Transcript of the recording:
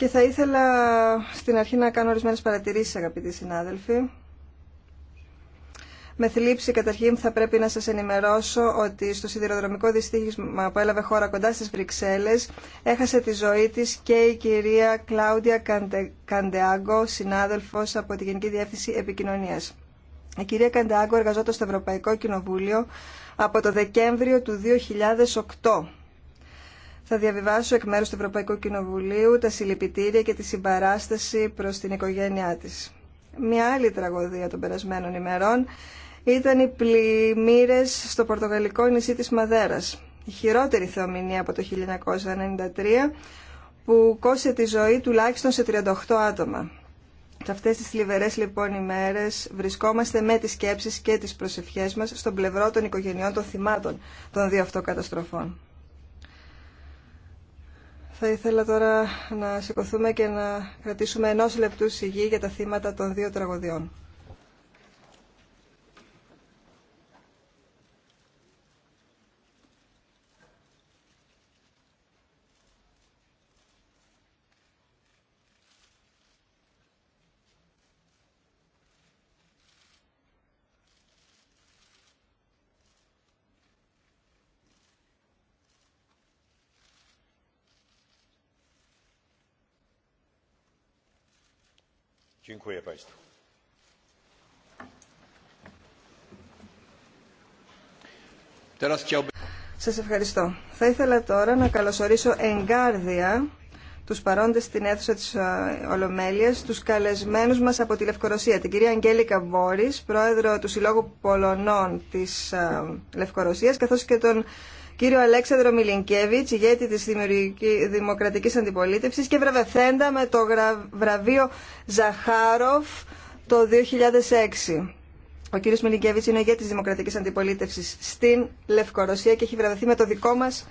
Και θα ήθελα στην αρχή να κάνω ορισμένε παρατηρήσει αγαπητοί συνάδελφοι. Με θλίψη, καταρχήν, θα πρέπει να σα ενημερώσω ότι στο σιδηροδρομικό δυστύχημα που έλαβε χώρα κοντά στι Βρυξέλλε, έχασε τη ζωή τη και η κυρία Κλάουδια Καντε, Καντεάγκο, συνάδελφο από τη Γενική Διεύθυνση Επικοινωνία. Η κυρία Καντεάγκο εργαζόταν στο Ευρωπαϊκό Κοινοβούλιο από το Δεκέμβριο του 2008 θα διαβιβάσω εκ μέρους του Ευρωπαϊκού Κοινοβουλίου τα συλληπιτήρια και τη συμπαράσταση προς την οικογένειά της. Μια άλλη τραγωδία των περασμένων ημερών ήταν οι πλημμύρες στο πορτογαλικό νησί της Μαδέρας. Η χειρότερη θεομηνία από το 1993 που κόσε τη ζωή τουλάχιστον σε 38 άτομα. Σε αυτές τις θλιβερές λοιπόν ημέρες βρισκόμαστε με τις σκέψεις και τις προσευχές μας στον πλευρό των οικογενειών των θυμάτων των δύο αυτοκαταστροφών. Θα ήθελα τώρα να σηκωθούμε και να κρατήσουμε ενός λεπτού σιγή για τα θύματα των δύο τραγωδιών. Dziękuję Państwu. Σας ευχαριστώ. Θα ήθελα τώρα να καλωσορίσω εγκάρδια τους παρόντες στην αίθουσα της Ολομέλειας, τους καλεσμένους μας από τη Λευκορωσία, την κυρία Αγγέλικα Βόρης, πρόεδρο του Συλλόγου Πολωνών της Λευκορωσίας, καθώς και τον κύριο Αλέξανδρο Μιλινκέβιτς, ηγέτη της Δημοκρατικής Αντιπολίτευσης και βραβευθέντα με το βραβείο Ζαχάροφ το 2006. Ο κύριος Μιλινκέβιτς είναι ηγέτης της Δημοκρατικής Αντιπολίτευσης στην Λευκορωσία και έχει βραβευθεί με το δικό μας